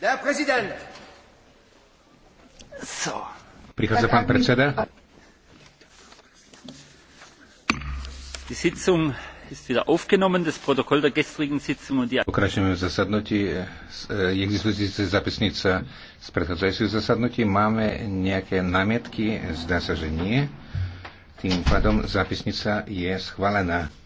Der Präsident! So. Prichádza pán predseda. Die Sitzung ist wieder aufgenommen. Das Protokoll der gestrigen Sitzung und die... Pokračujeme v zasadnutí. Eh, je k zapisnica z predchádzajúcich zasadnutí. Máme nejaké námietky? Zdá sa, že nie. Tým pádom zapisnica je schválená.